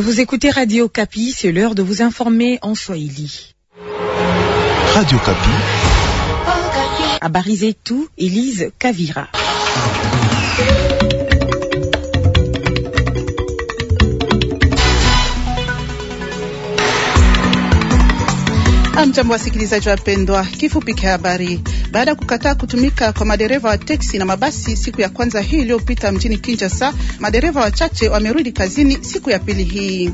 Vous écoutez Radio Capi, c'est l'heure de vous informer en Swahili. Radio Capi. À tout, Elise Kavira. Amjambo wasikilizaji wapendwa, kifupi cha habari. baada ya kukataa kutumika kwa madereva wa teksi na mabasi siku ya kwanza hii iliyopita mjini Kinshasa. Madereva wachache wamerudi kazini siku ya pili hii.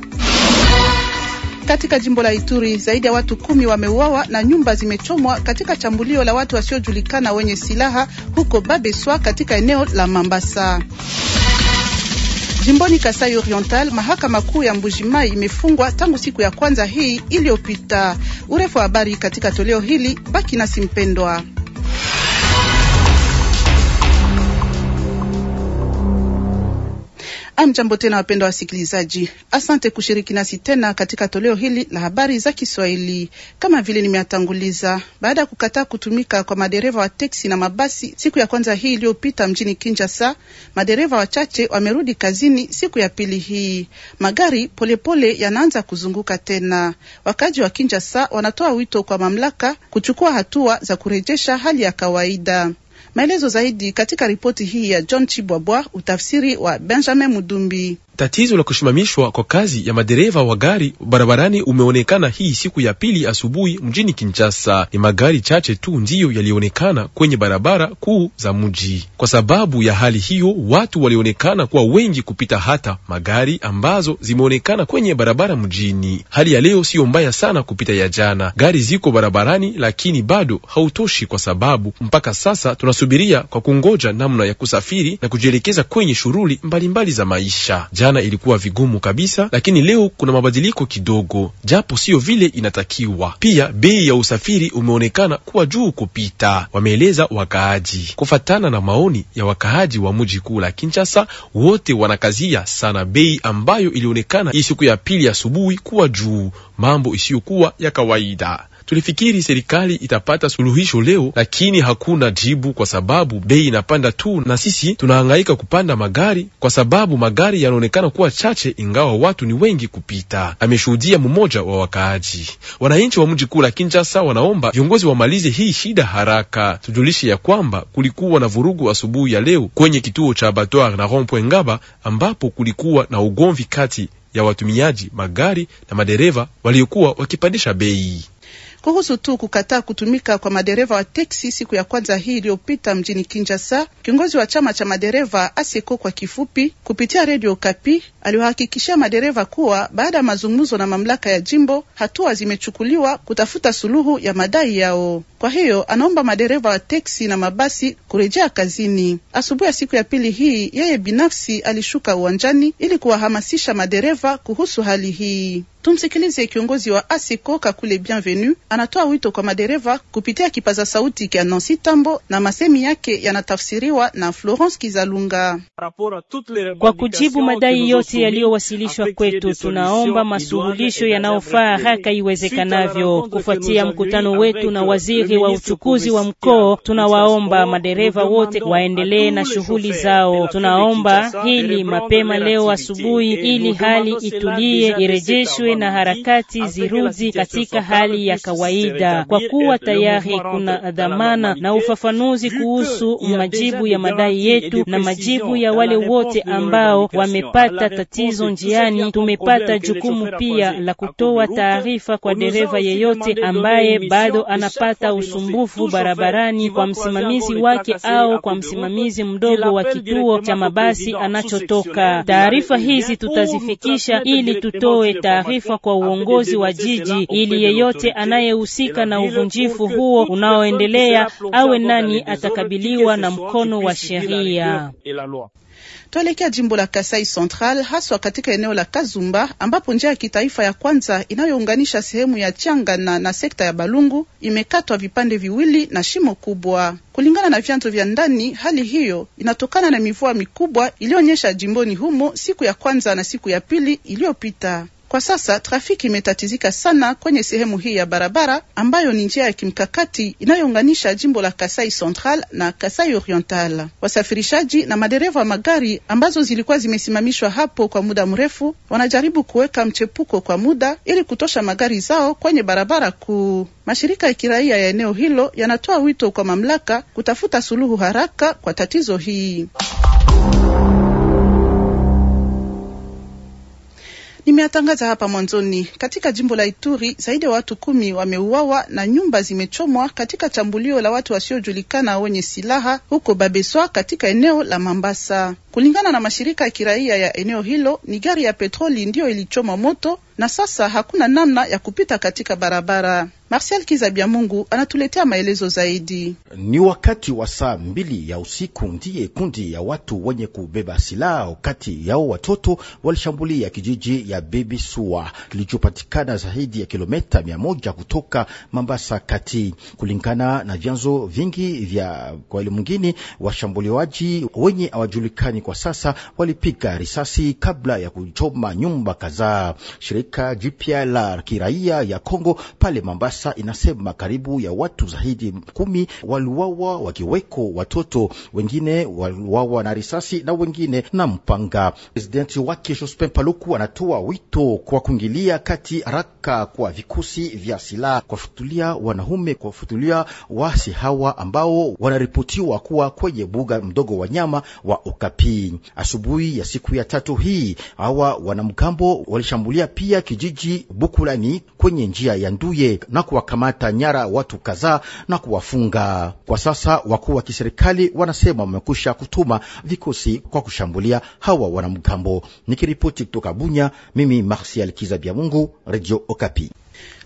Katika jimbo la Ituri zaidi ya watu kumi wameuawa na nyumba zimechomwa katika shambulio la watu wasiojulikana wenye silaha huko Babeswa katika eneo la Mambasa. Jimboni Kasai Oriental, mahakama kuu ya Mbujimai imefungwa tangu siku ya kwanza hii iliyopita. Urefu wa habari katika toleo hili, baki nasi mpendwa. Amjambo tena wapendwa wasikilizaji, asante kushiriki nasi tena katika toleo hili la habari za Kiswahili. Kama vile nimeatanguliza, baada ya kukataa kutumika kwa madereva wa teksi na mabasi siku ya kwanza hii iliyopita mjini Kinshasa, madereva wachache wamerudi kazini siku ya pili hii. Magari polepole yanaanza kuzunguka tena. Wakaji wa Kinshasa wanatoa wito kwa mamlaka kuchukua hatua za kurejesha hali ya kawaida. Maelezo zaidi katika ripoti hii ya John Chibwabwa, utafsiri wa Benjamin Mudumbi. Tatizo la kusimamishwa kwa kazi ya madereva wa gari barabarani umeonekana hii siku ya pili asubuhi mjini Kinshasa. Ni magari chache tu ndiyo yalionekana kwenye barabara kuu za mji. Kwa sababu ya hali hiyo, watu walionekana kuwa wengi kupita hata magari ambazo zimeonekana kwenye barabara mjini. Hali ya leo siyo mbaya sana kupita ya jana. Gari ziko barabarani, lakini bado hautoshi, kwa sababu mpaka sasa tunasubiria kwa kungoja namna ya kusafiri na kujielekeza kwenye shughuli mbalimbali za maisha jana ilikuwa vigumu kabisa, lakini leo kuna mabadiliko kidogo, japo siyo vile inatakiwa. Pia bei ya usafiri umeonekana kuwa juu kupita, wameeleza wakaaji. Kufatana na maoni ya wakaaji wa mji kuu la Kinshasa, wote wanakazia sana bei ambayo ilionekana hii siku ya pili asubuhi kuwa juu, mambo isiyokuwa ya kawaida. Tulifikiri serikali itapata suluhisho leo, lakini hakuna jibu kwa sababu bei inapanda tu, na sisi tunahangaika kupanda magari kwa sababu magari yanaonekana kuwa chache, ingawa watu ni wengi kupita, ameshuhudia mmoja wa wakaaji. Wananchi wa mji kuu la Kinshasa wanaomba viongozi wamalize hii shida haraka. Tujulishe ya kwamba kulikuwa na vurugu asubuhi ya leo kwenye kituo cha Abattoir na Rond-Point Ngaba ambapo kulikuwa na ugomvi kati ya watumiaji magari na madereva waliokuwa wakipandisha bei. Kuhusu tu kukataa kutumika kwa madereva wa teksi siku ya kwanza hii iliyopita mjini Kinshasa, kiongozi wa chama cha madereva aseko kwa kifupi, kupitia redio Kapi aliwahakikishia madereva kuwa baada ya mazungumzo na mamlaka ya jimbo hatua zimechukuliwa kutafuta suluhu ya madai yao. Kwa hiyo anaomba madereva wa teksi na mabasi kurejea kazini. Asubuhi ya siku ya pili hii, yeye binafsi alishuka uwanjani ili kuwahamasisha madereva kuhusu hali hii. Tumsikilize kiongozi wa asiko Kakule Bienvenu, anatoa wito kwa madereva kupitia kipaza sauti kya Nancy Tambo, na masemi yake yanatafsiriwa na Florence Kizalunga. Kwa kujibu madai yote yaliyowasilishwa kwetu, tunaomba masuluhisho yanayofaa haraka iwezekanavyo. Kufuatia mkutano wetu na waziri wa uchukuzi wa mkoo tunawaomba madereva wote waendelee na shughuli zao. Tunaomba hili mapema leo asubuhi, ili hali itulie, irejeshwe na harakati zirudi katika hali ya kawaida, kwa kuwa tayari kuna dhamana na ufafanuzi kuhusu majibu ya madai yetu na majibu ya wale wote ambao wamepata tatizo njiani. Tumepata jukumu pia la kutoa taarifa kwa dereva yeyote ambaye bado anapata usumbufu barabarani, kwa msimamizi wake au kwa msimamizi mdogo wa kituo cha mabasi anachotoka. Taarifa hizi tutazifikisha ili tutoe taarifa taarifa kwa uongozi wa jiji ili yeyote anayehusika na uvunjifu huo unaoendelea awe nani atakabiliwa na mkono wa sheria. Tuelekea jimbo la Kasai Central, haswa katika eneo la Kazumba ambapo njia ya kitaifa ya kwanza inayounganisha sehemu ya Changana na sekta ya Balungu imekatwa vipande viwili na shimo kubwa. Kulingana na vyanzo vya ndani, hali hiyo inatokana na mivua mikubwa iliyoonyesha jimboni humo siku ya kwanza na siku ya pili iliyopita. Kwa sasa trafiki imetatizika sana kwenye sehemu hii ya barabara ambayo ni njia ya kimkakati inayounganisha jimbo la Kasai Central na Kasai Oriental. Wasafirishaji na madereva wa magari ambazo zilikuwa zimesimamishwa hapo kwa muda mrefu wanajaribu kuweka mchepuko kwa muda ili kutosha magari zao kwenye barabara kuu. Mashirika ya kiraia ya eneo hilo yanatoa wito kwa mamlaka kutafuta suluhu haraka kwa tatizo hii. nimeatangaza hapa mwanzoni. Katika jimbo la Ituri zaidi ya watu kumi wameuawa na nyumba zimechomwa katika chambulio la watu wasiojulikana wenye silaha huko Babeswa katika eneo la Mambasa. Kulingana na mashirika ya kiraia ya eneo hilo, ni gari ya petroli ndiyo ilichoma moto na sasa hakuna namna ya kupita katika barabara. Marsial Kizabia Mungu anatuletea maelezo zaidi. Ni wakati wa saa mbili ya usiku ndiye kundi ya watu wenye kubeba silaha, wakati yao watoto walishambulia kijiji ya Bebisua kilichopatikana zaidi ya kilometa mia moja kutoka Mambasa kati. Kulingana na vyanzo vingi vya kwa mwingine, washambuliwaji wenye hawajulikani kwa sasa walipiga risasi kabla ya kuchoma nyumba kadhaa. Shirika jipya la kiraia ya Kongo pale Mambasa inasema karibu ya watu zaidi kumi waliwawa wakiweko watoto wengine waliwawa na risasi na wengine na mpanga. Presidenti wake Jospin Paluku anatoa wito kwa kuingilia kati haraka kwa vikosi vya silaha kuwafutulia wanaume, kuwafutulia wasi hawa ambao wanaripotiwa kuwa kwenye buga mdogo wa nyama wa Okapi hii. Asubuhi ya siku ya tatu hii hawa wanamgambo walishambulia pia kijiji Bukulani kwenye njia ya Nduye na kuwakamata nyara watu kadhaa na kuwafunga. Kwa sasa wakuu wa kiserikali wanasema wamekusha kutuma vikosi kwa kushambulia hawa wanamgambo. Nikiripoti kutoka Bunya, mimi Marsial Kizabiamungu, Mungu, Radio Okapi.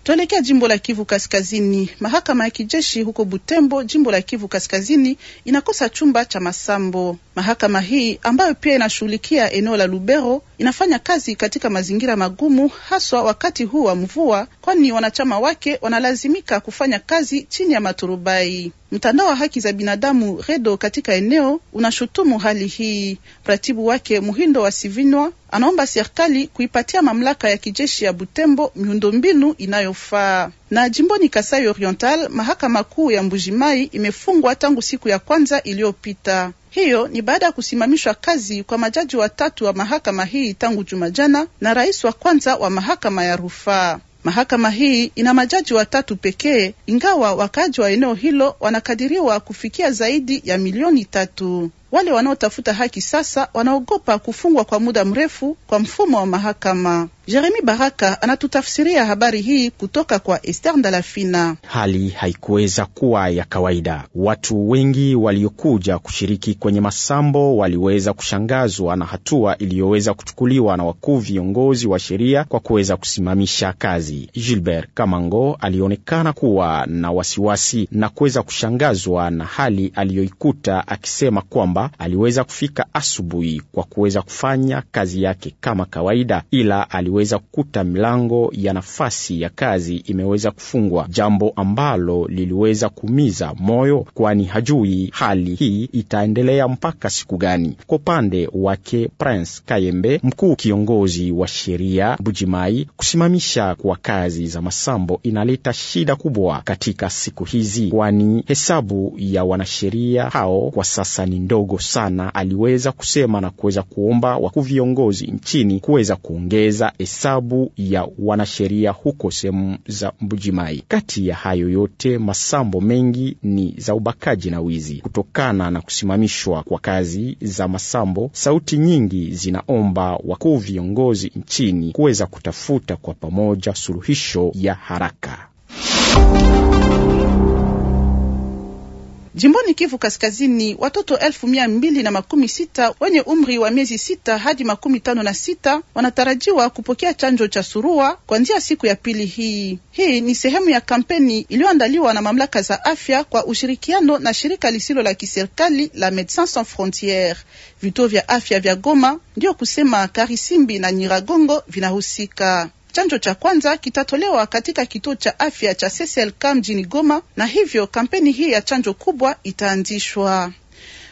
Tuelekea jimbo la Kivu Kaskazini. Mahakama ya kijeshi huko Butembo, jimbo la Kivu Kaskazini, inakosa chumba cha masambo. Mahakama hii ambayo pia inashughulikia eneo la Lubero inafanya kazi katika mazingira magumu, haswa wakati huu wa mvua, kwani wanachama wake wanalazimika kufanya kazi chini ya maturubai. Mtandao wa haki za binadamu REDO katika eneo unashutumu hali hii. Mratibu wake Muhindo wa Sivinwa anaomba serikali kuipatia mamlaka ya kijeshi ya Butembo miundombinu inayo inayofaa. Na jimboni Kasai Oriental, mahakama kuu ya Mbujimai imefungwa tangu siku ya kwanza iliyopita. Hiyo ni baada ya kusimamishwa kazi kwa majaji watatu wa mahakama hii tangu juma jana na rais wa kwanza wa mahakama ya rufaa. Mahakama hii ina majaji watatu pekee, ingawa wakaaji wa eneo hilo wanakadiriwa kufikia zaidi ya milioni tatu. Wale wanaotafuta haki sasa wanaogopa kufungwa kwa muda mrefu kwa mfumo wa mahakama. Jeremi Baraka anatutafsiria habari hii kutoka kwa Ester Ndalafina. Hali haikuweza kuwa ya kawaida. Watu wengi waliokuja kushiriki kwenye masambo waliweza kushangazwa na hatua iliyoweza kuchukuliwa na wakuu viongozi wa sheria kwa kuweza kusimamisha kazi. Gilbert Kamango alionekana kuwa na wasiwasi na kuweza kushangazwa na hali aliyoikuta akisema kwamba kwamba aliweza kufika asubuhi kwa kuweza kufanya kazi yake kama kawaida, ila aliweza kukuta milango ya nafasi ya kazi imeweza kufungwa, jambo ambalo liliweza kuumiza moyo, kwani hajui hali hii itaendelea mpaka siku gani. Kwa upande wake, Prince Kayembe, mkuu kiongozi wa sheria Bujimai, kusimamisha kwa kazi za Masambo inaleta shida kubwa katika siku hizi, kwani hesabu ya wanasheria hao kwa sasa ni ndogo kidogo sana, aliweza kusema na kuweza kuomba wakuu viongozi nchini kuweza kuongeza hesabu ya wanasheria huko sehemu za Mbujimai. Kati ya hayo yote, masambo mengi ni za ubakaji na wizi. Kutokana na kusimamishwa kwa kazi za masambo, sauti nyingi zinaomba wakuu viongozi nchini kuweza kutafuta kwa pamoja suluhisho ya haraka. Jimboni Kivu Kaskazini, watoto elfu mia mbili na makumi sita wenye umri wa miezi sita hadi makumi tano na sita wanatarajiwa kupokea chanjo cha surua kuanzia siku ya pili hii. Hii ni sehemu ya kampeni iliyoandaliwa na mamlaka za afya kwa ushirikiano na shirika lisilo la kiserikali la Medecins Sans Frontieres. Vituo vya afya vya Goma, ndiyo kusema Karisimbi na Nyiragongo, vinahusika. Chanjo cha kwanza kitatolewa katika kituo cha afya cha CCLK mjini Goma, na hivyo kampeni hii ya chanjo kubwa itaanzishwa.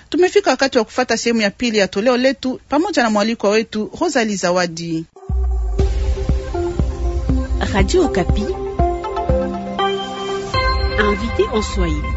Tumefika wakati wa kufata sehemu ya pili ya toleo letu pamoja na mwalikwa wetu Rosali Zawadi. Radio Okapi invité en Swahili.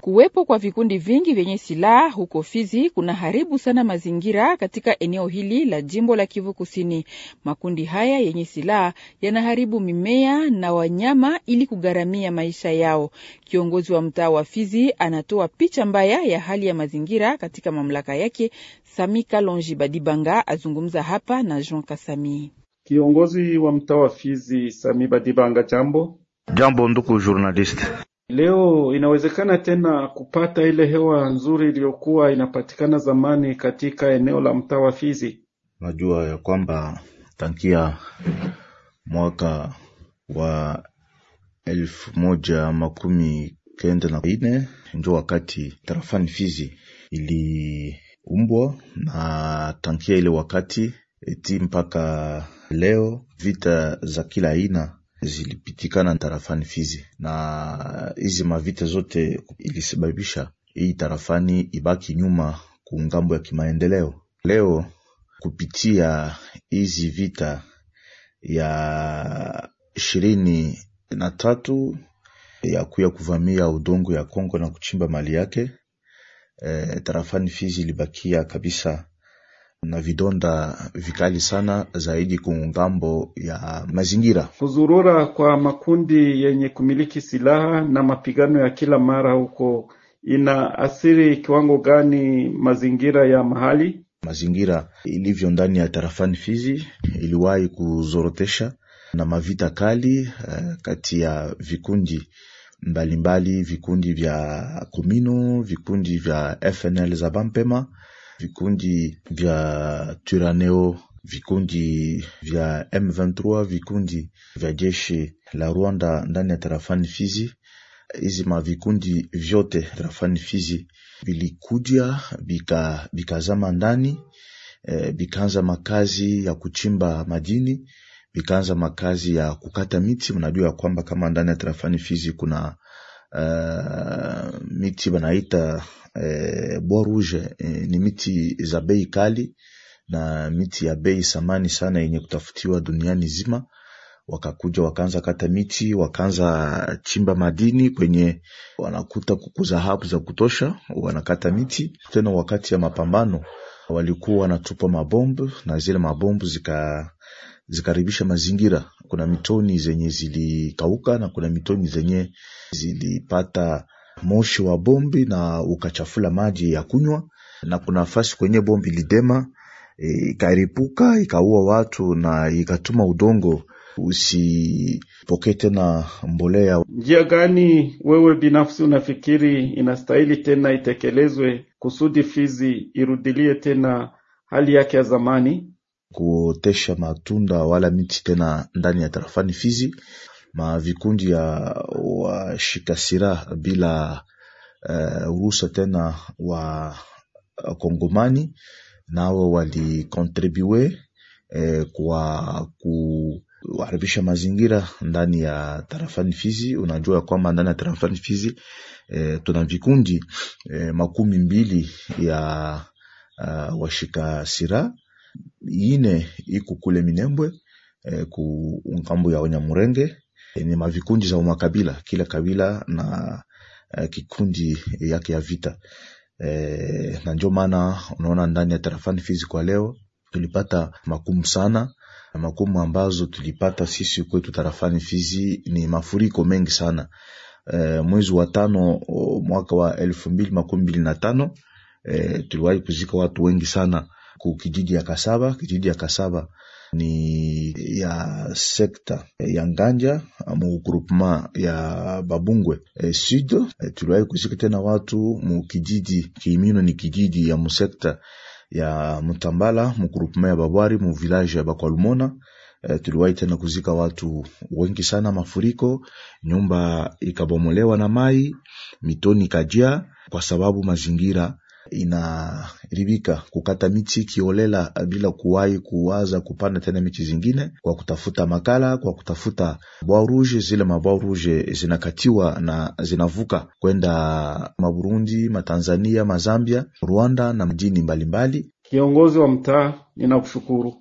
Kuwepo kwa vikundi vingi vyenye silaha huko Fizi kuna haribu sana mazingira katika eneo hili la jimbo la Kivu Kusini. Makundi haya yenye silaha yanaharibu mimea na wanyama ili kugharamia maisha yao. Kiongozi wa mtaa wa Fizi anatoa picha mbaya ya hali ya mazingira katika mamlaka yake. Sami Kalonji Badibanga azungumza hapa na Jean Kasami, kiongozi wa mtaa wa Fizi. Sami Badibanga, jambo. Jambo ndugu journaliste. Leo inawezekana tena kupata ile hewa nzuri iliyokuwa inapatikana zamani katika eneo la mtaa wa Fizi. Najua ya kwamba tangia mwaka wa elfu moja makumi kenda na ine njo wakati tarafani Fizi iliumbwa, na tangia ile wakati eti mpaka leo vita za kila aina zilipitikana tarafani Fizi, na hizi mavita zote ilisababisha hii tarafani ibaki nyuma ngambo ya kimaendeleo. Leo kupitia hizi vita ya ishirini na tatu ya kuya kuvamia udongo ya Kongo na kuchimba mali yake, e, tarafani Fizi ilibakia kabisa na vidonda vikali sana zaidi kungambo ya mazingira. Kuzurura kwa makundi yenye kumiliki silaha na mapigano ya kila mara huko ina athiri kiwango gani mazingira ya mahali? Mazingira ilivyo ndani ya tarafani Fizi iliwahi kuzorotesha na mavita kali eh, kati ya vikundi mbalimbali mbali, vikundi vya Komino, vikundi vya FNL za Bampema vikundi vya Turaneo, vikundi vya M23, vikundi vya jeshi la Rwanda ndani ya tarafani Fizi. Hizi mavikundi vyote tarafani Fizi vilikuja vikazama bika ndani e, makazi ya kuchimba madini, vikaanza makazi ya kukata miti. Mnajua ya kwamba kama ndani ya tarafani Fizi kuna uh, miti banaita uh, bois rouge uh, ni miti za bei kali na miti ya bei samani sana yenye kutafutiwa duniani zima. Wakakuja wakaanza kata miti, wakaanza chimba madini kwenye, wanakuta kukuza dhahabu za kutosha, wanakata miti tena. Wakati ya mapambano walikuwa wanatupa mabombu na zile mabombu zika zikaribisha mazingira. Kuna mitoni zenye zilikauka na kuna mitoni zenye zilipata moshi wa bombi na ukachafula maji ya kunywa, na kuna nafasi kwenye bombi lidema e, ikaripuka ikaua watu na ikatuma udongo usipokee tena mbolea. Njia gani wewe binafsi unafikiri inastahili tena itekelezwe kusudi Fizi irudilie tena hali yake ya zamani? kuotesha matunda wala miti tena ndani ya tarafani Fizi. Mavikundi ya washikasira bila eh, uh, urusa tena wa Kongomani nao walikontribue eh, kwa kuharibisha mazingira ndani ya tarafani Fizi. Unajua ya kwamba ndani ya tarafani Fizi eh, tuna vikundi eh, makumi mbili ya uh, washika sira ine iko kule Minembwe e, ku ngambo ya Wanyamurenge e, eh, ni mavikundi za umakabila kila kabila na e, kikundi yake ya vita e, na ndio maana unaona ndani ya tarafani Fizi kwa leo tulipata makumu sana makumu ambazo tulipata sisi kwetu tarafani Fizi ni mafuriko mengi sana. E, mwezi wa tano mwaka wa elfu mbili makumi mbili na tano e, tuliwahi kuzika watu wengi sana kukijiji ya Kasaba. Kijiji ya Kasaba ni ya sekta ya Nganja mu groupement ya Babungwe e, sud e, tuliwahi kushika tena watu mu kijiji Kiimino, ni kijiji ya musekta ya Mutambala mu groupement ya Babwari mu village ya Bakwalumona. E, tuliwahi tena kuzika watu wengi sana, mafuriko, nyumba ikabomolewa na mai, mitoni ikajaa, kwa sababu mazingira inaribika kukata michi kiolela bila kuwahi kuwaza kupanda tena michi zingine, kwa kutafuta makala, kwa kutafuta bwa rouge. Zile mabwa rouge zinakatiwa na zinavuka kwenda Maburundi, Matanzania, Mazambia, Rwanda na mjini mbalimbali. Kiongozi wa mtaa, ninakushukuru.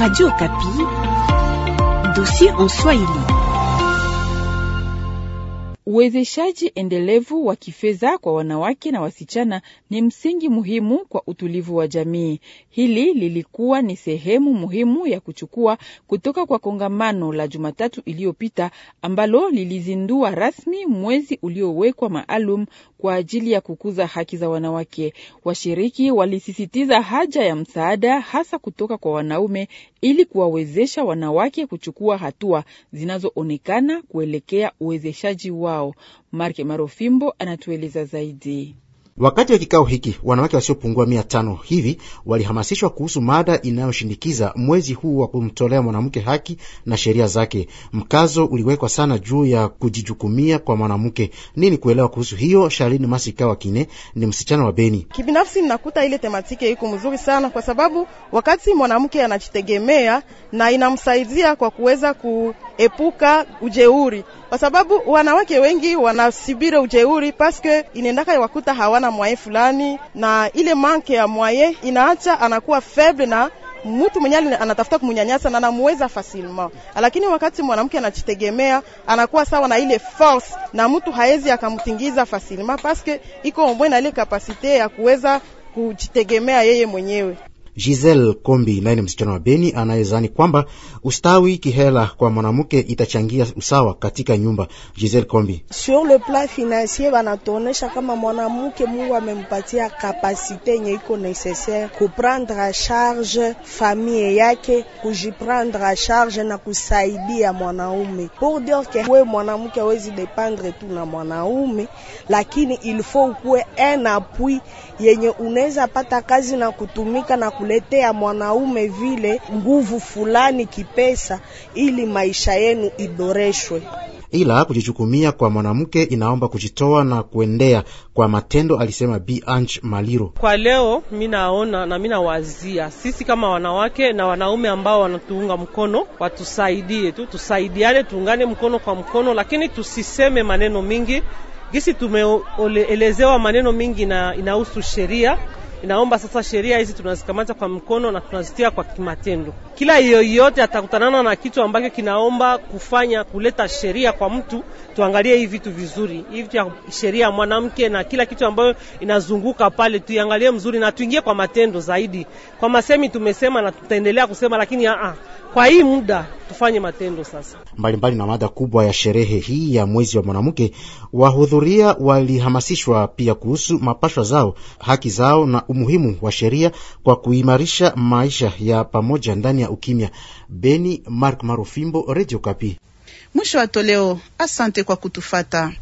Radio Kapi, dossier en Swahili. Uwezeshaji endelevu wa kifedha kwa wanawake na wasichana ni msingi muhimu kwa utulivu wa jamii. Hili lilikuwa ni sehemu muhimu ya kuchukua kutoka kwa kongamano la Jumatatu iliyopita ambalo lilizindua rasmi mwezi uliowekwa maalum kwa ajili ya kukuza haki za wanawake. Washiriki walisisitiza haja ya msaada hasa kutoka kwa wanaume ili kuwawezesha wanawake kuchukua hatua zinazoonekana kuelekea uwezeshaji wao. Marke Marofimbo anatueleza zaidi. Wakati wa kikao hiki wanawake wasiopungua mia tano hivi walihamasishwa kuhusu mada inayoshindikiza mwezi huu wa kumtolea mwanamke haki na sheria zake. Mkazo uliwekwa sana juu ya kujijukumia kwa mwanamke. Nini kuelewa kuhusu hiyo? Shalini Masika kine ni msichana wa Beni. Kibinafsi ninakuta ile tematike iko mzuri sana, kwa sababu wakati mwanamke anajitegemea na inamsaidia kwa kuweza ku epuka ujeuri, kwa sababu wanawake wengi wanasibire ujeuri paske inaendaka wakuta hawana mwaye fulani, na ile manke ya mwaye inaacha anakuwa feble na mutu mwenye anatafuta kumunyanyasa na anamuweza fasilma, lakini wakati mwanamke anajitegemea anakuwa sawa na ile force, na mtu haezi akamtingiza fasilma paske iko omwe na ile kapasite ya kuweza kujitegemea yeye mwenyewe. Giselle Kombi naye ni msichana wa Beni anayezani kwamba ustawi kihela kwa mwanamke itachangia usawa katika nyumba. Giselle Kombi: sur le plan financier banatuonesha kama mwanamke Mungu amempatia kapasite yenye iko necessaire kuprendre charge famille yake, kujiprendre charge na kusaidia mwanaume, pour dire que we mwanamke awezi dependre tu na mwanaume, lakini il faut ukuwe un appui yenye unaweza pata kazi na kutumika na kuletea mwanaume vile nguvu fulani kipesa, ili maisha yenu idoreshwe ila kujichukumia kwa mwanamke inaomba kujitoa na kuendea kwa matendo, alisema Bi Anch Maliro. Kwa leo mi naona na mi nawazia sisi kama wanawake na wanaume ambao wanatuunga mkono watusaidie tu, tusaidiane, tuungane mkono kwa mkono, lakini tusiseme maneno mingi gisi tumeelezewa maneno mingi na inahusu sheria inaomba sasa sheria hizi tunazikamata kwa mkono na tunazitia kwa kimatendo. Kila yoyote atakutanana na kitu ambacho kinaomba kufanya kuleta sheria kwa mtu, tuangalie hivi vitu vizuri, hivi vitu ya sheria ya mwanamke na kila kitu ambayo inazunguka pale, tuiangalie mzuri na tuingie kwa matendo zaidi. Kwa masemi tumesema na tutaendelea kusema, lakini aa, ah, ah, kwa hii muda tufanye matendo sasa. Mbalimbali mbali na mada kubwa ya sherehe hii ya mwezi wa mwanamke, wahudhuria walihamasishwa pia kuhusu mapashwa zao, haki zao na umuhimu wa sheria kwa kuimarisha maisha ya pamoja ndani ya ukimya. Beni Mark Marufimbo, Radio Kapi. Mwisho wa toleo. Asante kwa kutufata.